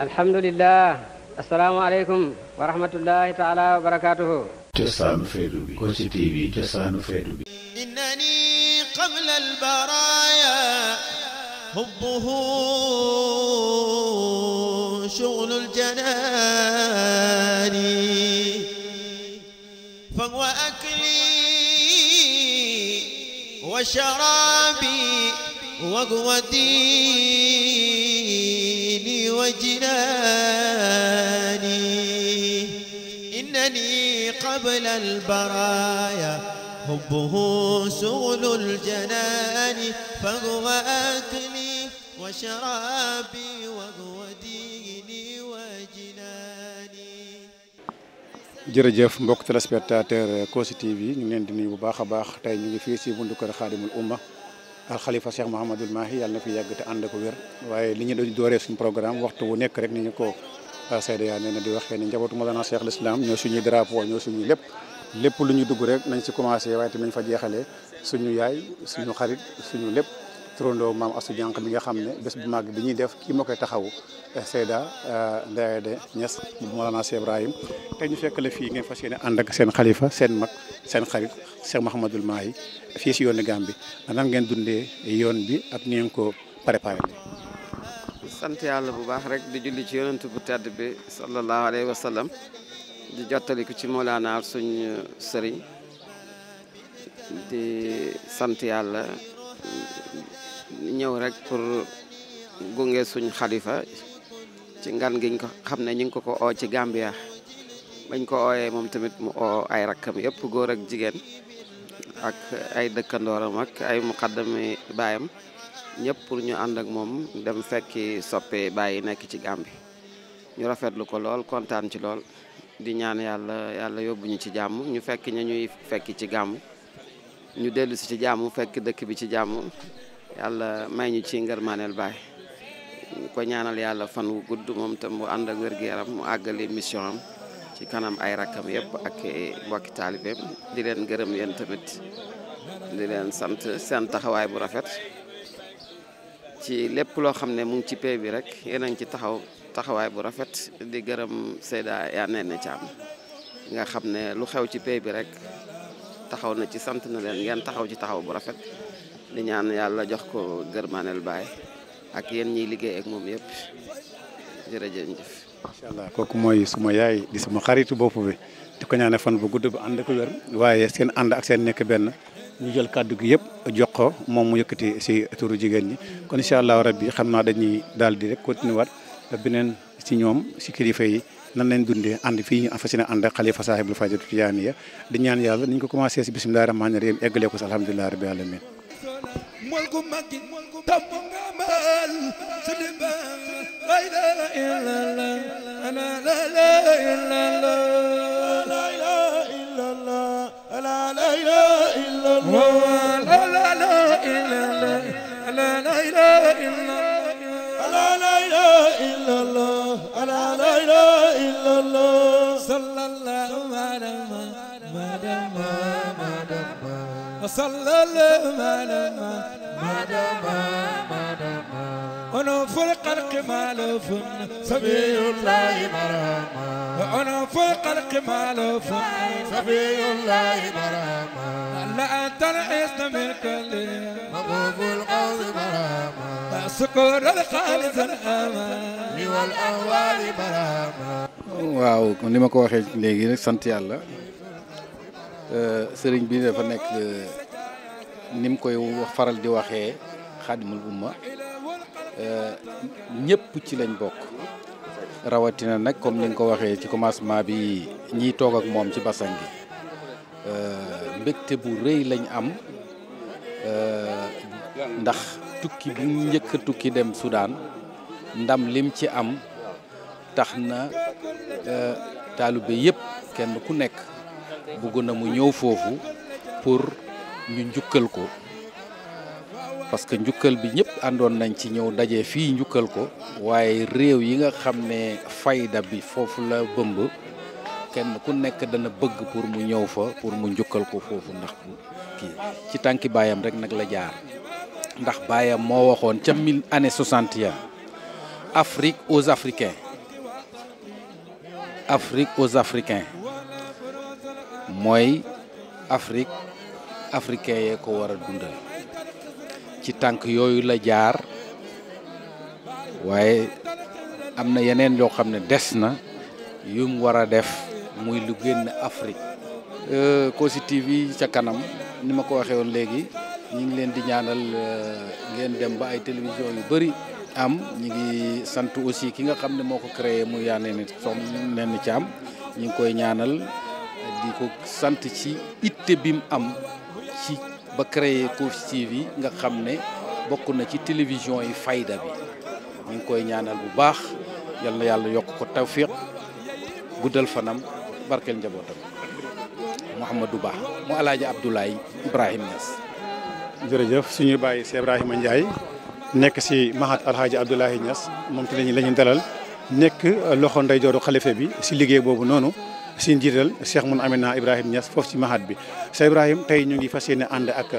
الحمد لله السلام عليكم ورحمة الله تعالى وبركاته جسان فيدوبي كوشي تي في جسان فيدوبي إنني قبل البرايا حبه شغل الجنان فهو أكلي وشرابي وقوتي وجناني إنني قبل البرايا حبه سغل الجنان فهو أكلي وشرابي وهو ديني وجناني جرجف مبوك تلسبيتاتر كوسي تي في نين باخ تاي نيغي في سي بوندو خادم الامه al khalifa Cheikh mohammedul Mahi yàlla fi yagg te ànd ko wer waye li ñu doon dooree suñu programme waxtu wu nek rek ni ñu ko ah, seede yaa ya na di waxe ni njabootu Mawlana Cheikh l'Islam ñoo suñu drapeau ñoo suñu lepp lepp lu ñu dugg rek nañ ci commencer waye tamit nañ fa jeexalee suñu yaay suñu xarit suñu lepp trondo mam assou jank bi nga xamne bes bu mag bi ñi def ki moo koy taxawu Seyda Ndeye de Niass Mawlana Cheikh Ibrahim tay ñu fekk la fi ngeen fasiyene and ak seen khalifa seen mak seen xarit Cheikh Mouhamadul Mahi fii si yoonu Gàmbi nan ngeen dundee yoon bi ak ni ngeen ko préparé. sant yàlla bu baax rek di julli ci yonent bu tedd bi sallallahu alayhi wa sallam di jottaliku ko ci Mawlaana suñ sëriñ di sant yàlla ñëw rek pour gunge suñ xalifa ci ngan giñ ko xam ne ñu ngi ko ko oo ci Gambia. bañ ko ooyee moom tamit mu oo ay rakkam yëpp góor ak jigéen ak ay dëkkandooram ak ay muqaddami bayam ñëpp pour ñu ànd ak moom dem fekki soppe bàyyi nekk ci gambi ñu rafetlu ko lool kontaan ci lool di ñaan yàlla yàlla yóbbu ñu ci jàmm ñu fekk ña ñuy fekki ci gàmm ñu dellu si ci jàmm fekk dëkk bi ci jàmm yàlla may ñu ci ngërmaaneel baay ko ñaanal yàlla fan wu gudd moom tam mu ànd ak wér-gu-yaram mu àggali mission am ci kanam ay rakkam yëpp ak mbokki taalibeem di leen gërëm yéen tamit di leen sant seen taxawaay bu rafet ci lépp loo xam ne mu ngi ci pay bi rek yéen a ci taxaw taxawaay bu rafet di gërëm Seyda yaa Néné Thiam nga xam ne lu xew ci pay bi rek taxaw na ci sant na leen ngeen taxaw ci taxaw bu rafet di ñaan yàlla jox ko gërmaaneel baay ak yéen ñiy liggéey ak moom yëpp jërëjëf. incha allah kooku suma yaay di suma xaritu bopp bi di ko ñaane fan bu gudd bu ànd ko wér seen ak seen ñu jël si turu jigéen ñi kon allah rabbi xam dañuy daal rek continuer si ñoom si kilifa yi nan lañ dundee ànd fii ñu fas yéene ànd ak xalifa saahibul faydatu di ñaan ko commencé rahim ko لا الله أنا الله لا الله أنا الله لا الله أنا الله لا الله صلى الله على ما أنا فوق القمال فن سبي الله مرحبا أنا فوق القمال فن سبي الله مرحبا لا تنعس من كل مغوب القوم مرحبا سكر الخالد الأمان والأهوال مرحبا واو kon li ma ko waxee léegi rek sant yàlla euh, sëriñ bi dafa nekk euh, ni mu koy faral Euh, ñëpp ci lañ bokk rawatina nag comme ni nga ko waxee ci commencement bi ñiy toog ak moom ci basang gi euh, mbëgte bu rëy lañ am euh, ndax tukki bu njëkk a tukki dem Soudan ndam lim ci am tax na taalibe yépp kenn ku nekk bëgg na mu ñëw foofu pour ñu njukkal ko parce que njukkal bi ñëpp àndoon nañ ci ñëw ndaje fii njukkal ko waaye réew yi nga xam ne fayda bi foofu la bëmb kenn ku nekk dana bëgg pour mu ñëw fa pour mu njukkal ko foofu ndax kii ci tànki baayam rek nag la jaar ndax baayam moo waxoon ca mille année soixante et un Afrique aux Africains Afrique Africains mooy Afrique africain yee ko war a dundal ci tànk yooyu la jaar waaye am na yeneen yoo xam ne des na yum war a def muy lu génn Afrique euh, Kossy TV ca kanam ni ma ko waxee woon léegi ñi ngi leen di ñaanal euh, ngeen dem ba ay télévision yu bëri am ñi ngi sant aussi ki nga xam ne moo ko créé mu yaane ni som leen ci am ñi ngi koy ñaanal di ko sant ci itte bim am ba créer Kossy TV nga xam ne bokk na ci télévision yi fayda bi ñu ngi koy ñaanal bu baax yal na yàlla yokk ko tawfiq guddal fanam barkeel njabootam Mouhamadou Ba mu alaaji Abdoulaye Ibrahima Niass jërëjëf suñu bàyyi si Ibrahima Ndiaye nekk si Mahat alhaaji Abdoulaye Niass moom te lañu dalal nekk loxo ndeyjooru xalife bi si liggéey boobu noonu seen jiital Cheikh Mun Amina Ibrahima Niass foofu ci mahad bi Cheikh Ibrahim tey ñu ngi fa yéene ànd ak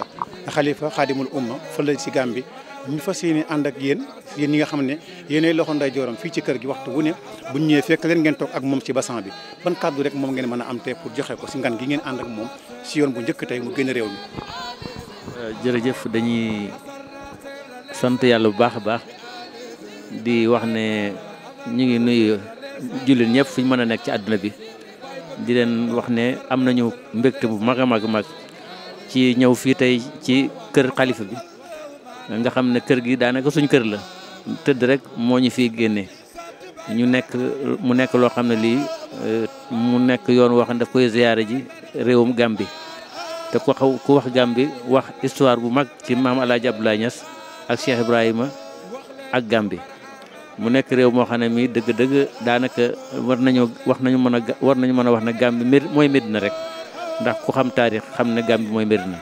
xalifa xaadimul umma fële ci Gàmbi ñu fas yéene ànd ak yéen yéen ñi nga xam ne yéenay loxo nday jooram fii ci kër gi waxtu wu ne bu ñëwee fekk leen ngeen toog ci bassan bi ban kàddu rek moom ngeen mën a am tey pour joxe ko ci ngan gi ngeen ànd ak moom ci yoon bu njëkk tey mu génn réew mi. Euh, jërëjëf dañuy sant yàlla bu baax a baax di wax ne ñu ngi nuyu jullit ñëpp fu ñu mën a nekk ci àdduna bi di leen wax ne am nañu mbégte bu mag a mag mag ci ñëw fii tey ci kër xalifa bi nga xam ne kër gi daanaka suñ kër la tëdd rek moo ñu fiy génne ñu nekk mu nekk loo xam ne lii euh, mu nekk yoon wax ne daf koy ziyaare ji réewum Gàmbi te ku xaw ku wax Gàmbi wax histoire bu mag ci maam El Hadj Abdoulaye Niass ak Cheikh Ibrahima ak Gàmbi mu nekk réew moo xam ne mi dëgg-dëgg daanaka war nañu wax nañu mën a war nañu mën a wax ne Gàmbi mooy na rek ndax ku xam taarix xam ne Gàmbi mooy Medina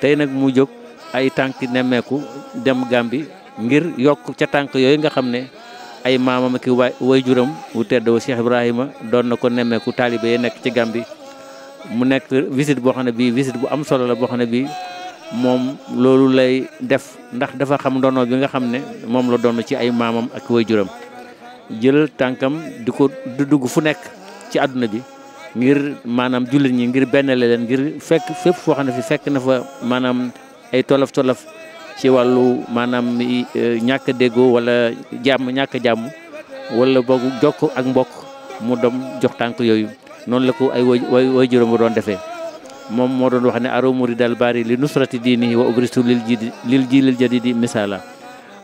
tey nag mu jóg ay tànk nemmeeku dem Gàmbi ngir yokk ca tànk yooyu nga xam ne ay maamam ki waay waajuram wu tedd wa Cheikh Ibrahima doon na ko nemmeeku taalibe yi nekk ci Gàmbi mu nekk visite boo xam ne bii visite bu am solo la boo xam ne bii moom loolu lay def ndax dafa xam ndono bi nga xam ne moom la doon ci ay maamam ak waajuram jël tànkam di ko di dugg fu nekk ci àdduna bi ngir maanaam jullit ñi ngir benn leen ngir fekk fépp foo xam ne fi fekk na fa maanaam ay tolof tolof ci wàllu maanaam e, ñàkk a déggoo wala jàmm ñàkk jàmm wala boog jokk ak mbokk mu dem jox tànk yooyu noonu la ko ay way waajuram bu doon defee. mom mo doon wax ne aru muridal bari li nusrati dini wa ubristu lil ji lil jiilil jadid misala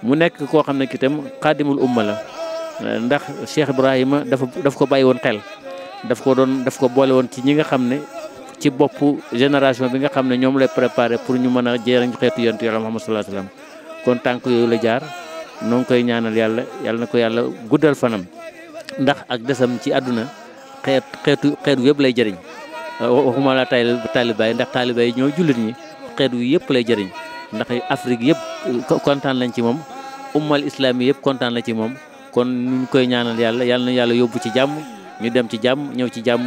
mu nek ko xamne kitam qadimul umma la ndax Cheikh Ibrahima daf daf ko bàyyi xel daf ko doon daf ko bolé won ci ñi nga xamne ci bop génération bi nga xamne ñom lay préparer pour ñu mëna a jëriñ xeetu yalla Muhammad sallallahu alayhi Wasallam. kon tànk yu la jaar non koy ñaanal yalla yalla na yalla guddal fanam ndax ak desam ci aduna xeet xeetu xeetu yeb lay jëriñ Euh, waxuma la taali taalibaay ndax taalibaay ñoo jullit ñi xeet wi yëpp lay jariñ ndax Afrique yëpp euh, kontaan lañ ci moom ummal islam yi yëpp kontaan la ci moom kon ñu koy ñaanal yàlla yàlla na yàlla yóbbu ci jàmm ñu dem ci jàmm ñëw ci jàmm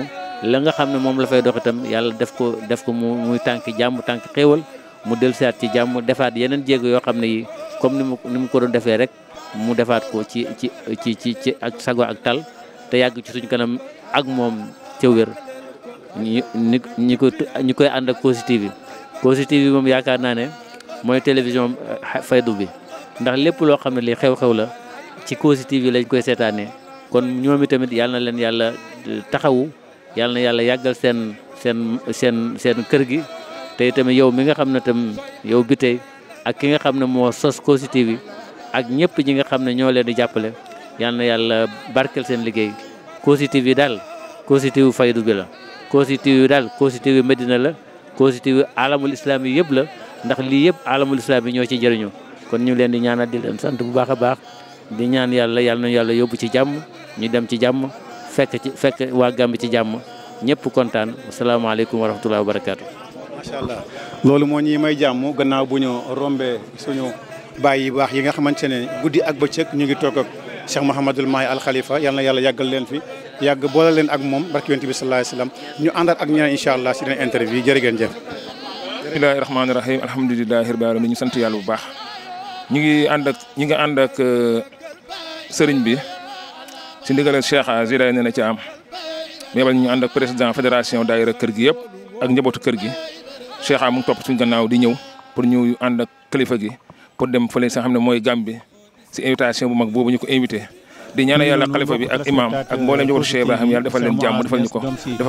la nga xam ne moom la fay dox itam yàlla def ko def ko mu muy tànk jàmm tànk xéewal mu dellusiwaat ci jàmm defaat yeneen jéego yoo xam ne yi comme ni mu ni mu ko doon defee rek mu defaat ko ci ci ci ci ci ak sago ak tal te yàgg ci suñ kanam ak moom ca ñi ñi ko ñi koy ànd ak Kossy TV Kossy TV moom yaakaar naa ne mooy télévision eh, faydu bi ndax lépp loo xam ne li xew-xew la ci Kossy TV lañ koy seetaanee kon ñoom tamit yàlla na leen yàlla eh, taxawu yàlla yàlla yàggal seen seen seen seen kër gi te itamit yow mi nga xam ne tam yow bi tey ak ki nga xam ne moo sos Kossy TV ak ñëpp ñi nga xam ne ñoo leen di jàppale yàlla na yàlla barkeel seen liggéey Kossy TV daal Kossy TV faydu bi la constitué yu daal constitué yu Medina la constitué yu alamul islam yi yëpp la ndax lii yëpp alamul islam yi ñoo ci jëriñoo kon ñu leen di ñaanal di leen sant bu baax a baax di ñaan yàlla yàlla nañu yàlla yóbbu ci jàmm ñu dem ci jàmm fekk ci fekk waa Gàmbi ci jàmm ñëpp kontaan asalaamaaleykum wa rahmatullahi wa barakaatu. macha allah loolu moo ñuy may jàmm gannaaw bu ñu rombee suñu bàyyi yu baax yi nga xamante ne guddi ak bëccëg ñu ngi toog ak Cheikh Mouhamadul Mahi Al yàggal leen fi. yàgg boole leen ak moom barki yonent bi sallallahu alayhi wasallam ñu àndaat ak ñeneen incha allah si dina interview jërë ngeen jëf bismillahi rahmaani rahim alhamdulilahi rabbil alamin ñu sant yàlla bu baax ñu ngi ànd ak ñu ànd ak euh, sëriñ bi si ndigalal Cheikh Zidane nee na ci am yebal ñu ànd président fédération daayira kër gi yëpp ak njabootu kër gi Cheikh mu ngi topp suñu gannaaw di ñëw pour ñu ànd ak kilifa gi pour dem fële sa xam ne mooy bi si invitation bu mag boobu ñu ko invité di ñaanal yàlla xalifa bi ak imam ak mboolem njabootu Cheikh Ibrahim yàlla defal leen jàmm defal ñu ko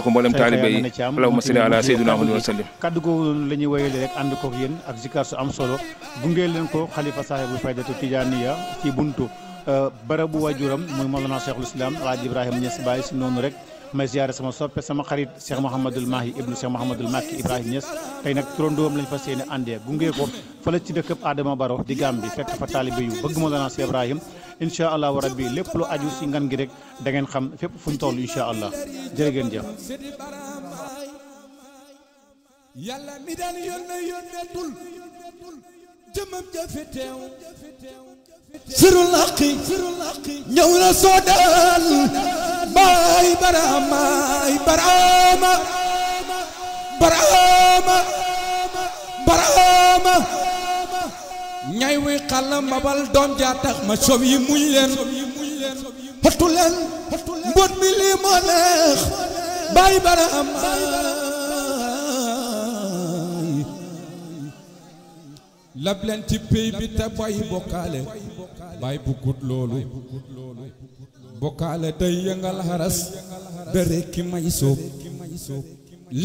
ko mboolem taalibe yi allahumma salli ala sayyidina Muhammad wa sallim kaddu googu la ñuy wéyale rek ànd ko yéen ak zikar su am solo gungee leen ko xalifa saahibu faydatu tijaaniya ci buntu euh, barabu wajuram muy Mawlana Cheikhul Islam Alaaji Ibrahima Baay si noonu rek may ziaré sama soppé sama xarit Cheikh mohammedul Mahi ibnu Cheikh mohammedul Makki Ibrahima Niass tey nag turandoom lañ fas andé gungé gunge ko fële ci dëkkëb Adama Baro di gambi fekk fa talibé yu bëgg mo la nas Ibrahim incha allah rabbi lepp lu aju ci ngan gi rek da ngeen xam fepp fuñ toll incha allah jërë ngeen jëf yalla mi daan yonne yonne tul jëmam jafe teew sirul haqi ñëw na soodal baay baraama ay baraama baraama baraama ñay wi xàlla mabal doom jaa ma sob yi muñ leen xottu leen mbóot mi lii moo neex baay baraama lab leen ci pey bi te bàyyi bokkaale baay bu gudd loolu bokkaale day yëngal xaras da rekki may soob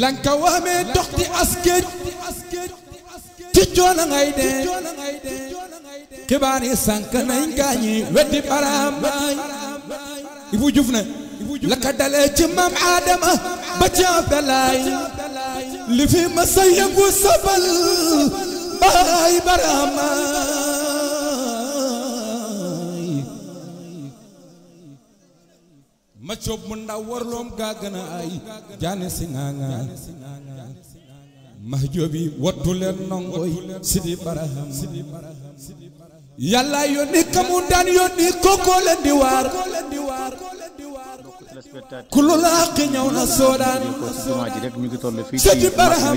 lanka waamee dox di askeej ci joona ngay dee xibaar yi sànq gaañi weddi baraam baay Ibou ne la dalee ci maam Adama ba ci Abdalaay li fi ma sa yëngu sabal baay baraam baay ma coob mu ndaw warloom gaa gën ay jaane si ngaangaan mahjoobi wattu leen nongoy sidi baraham yàlla yónni kamu daan yónni kookoo leen di waar kullu laa ki ñëw na soodaan jumaa ji rek ñu ngi toll fii ci martaba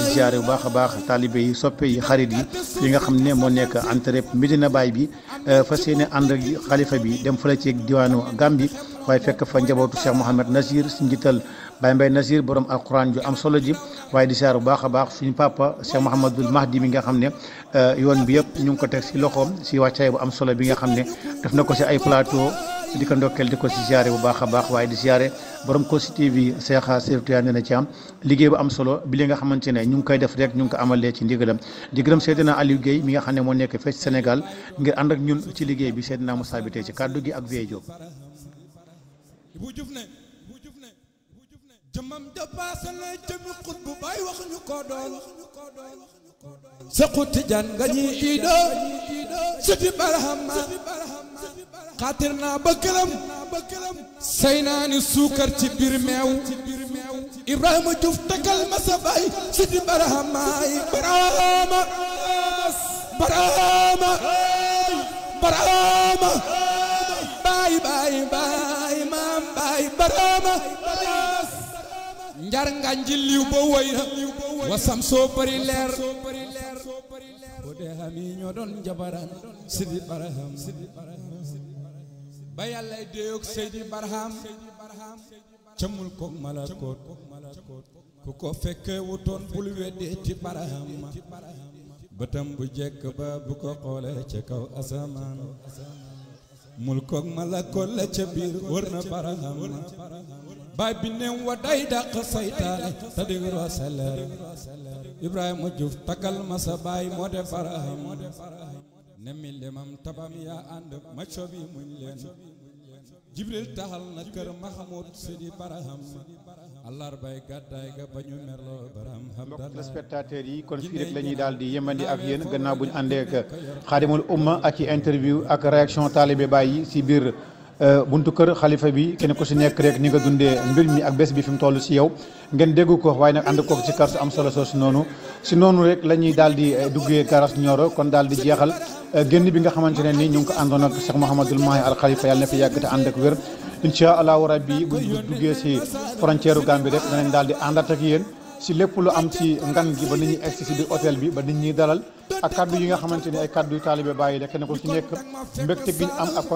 di siyaare eh, bu baax a baax taalibe yi soppe yi xarit yi yi nga xam ne moo nekk entre na baay bi eh, fas yéene ànd ak xalifa bi dem fële ci diwaanu Gambie waaye fekk fa njabootu Cheikh Mouhamed Nazir si njiital Baye Mbaye Nazir borom alquran ju am solo ji waaye di saaru bu baax a baax suñu papa Cheikh Mouhamadul Mahdi mi nga xam ne euh, yoon bi yëpp ñu ngi ko teg si loxoom si wàccaay bu am solo bi nga xam ne def na ko si ay plateau di ko ko si siyaare bu baax a baax waaye di siyaare borom Kossy TV Cheikh Seydou Tidiane na ci am liggéey bu am solo bi li nga xamante ne ñu ngi koy def rek ñu ngi ko amalee ci ndigalam di gërëm Seydina Aliou Guèye mi nga xam ne moo nekk fee ci Sénégal ngir ànd ñun ci liggéey bi Seydina Moussa bi tey ci kàddu gi ak Vieux Diop Ibou Diouf ne Ibou Diouf ne na jëmi xut bu bàyyi wax ñu ko doon sëqu tijaan nga ñuy iidoo sëti barahama xaatir naa ba këram say naa ni suukar ci biir meew Ibrahima Diouf takkal baay sëti barahama barahama barahama barahama baay baay baay baraama njar nga ba woy na wasam soo bari leer boo dee xam yi ñoo doon jabaraan sidi baraham ba yàlla déyoog seydi baraham cëmmul koog malakoot ku ko fekkee wutoon bul weddee ti baraham bëtam bu jekk ba bu ko xoolee ca kaw asamaan mulkook malakoot la ca biir wër na baraham baay bi neem wa day dàq saytaane te di roose leer Ibrahima ma sa baay moo de baraham ne mi limam tabam yaa ànd ma cobi muñ leen jibril taxal na kër Mahmoud Sidi baraham allar bay gàddaay ga ba ñu merloo baraham spectateurs yi kon fii rek la ñuy daal di yemandi ak yéen gannaaw bu ñu àndee ak xaadimul umma ak i interview ak réaction taalibe Baay yi si biir euh, buntu kër xalifa bi kenn ku si nekk rek ni nga dundee mbir mi ak bés bi fi mu toll si yow ngeen dégg ko waaye nag ànd kook ci kar su am solo soosu noonu si noonu rek lañuy ñuy daal di euh, duggee garas Nioro kon daal di jeexal euh, génn bi nga xamante ne ni ñu ngi ko àndoon ak Cheikh Mouhamadul Mahi al Khalifa yàlla fi yàgg te ànd ak wér incha allahu rabbi bu duggee si frontière u Gambie daal di àndaat yéen ci lépp lu am ci ngan gi ba nit ñi egsi ci biir hôtel bi ba nit ñi dalal ak kaddu yi nga xamante ni ay kaddu yu taalibe bàyyi la kenn ku ci nekk mbégte gi ñu am ak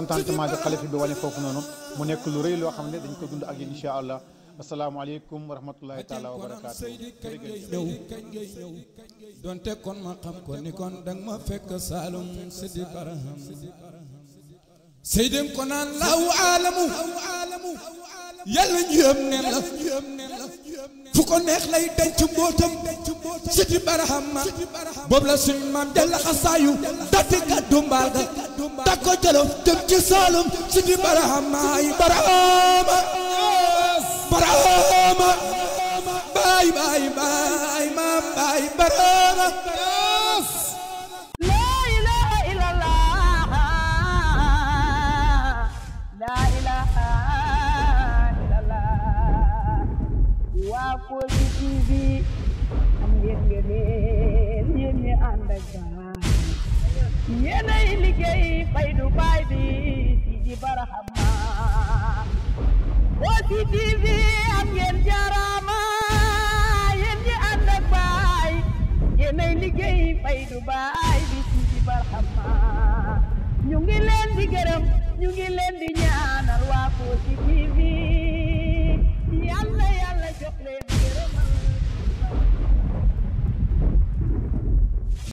noonu mu nekk lu rëy loo xam ne dañ ko dund ak yéen incha allah asalaamaaleykum wa rahmatullahi taala wa barakaatu kañ ngay ñëw donte kon ma xam ko ni kon danga ma fekk Saalum Sidi Baraham Seydem ko naan laaw yàlla ñu yëm ne fu ko neex lay denc mbootam siti barahama boobu la suñ maam jalla xasaayu dati gàddu mbaal ga takko jëlof jëm ci saalum siti barahama yi barahama barahama baay baay baay maam baay barahama yéenay liggéey fay ñu ngi leen di gërëm ñu ngi leen di ñaanal waa Kossy TV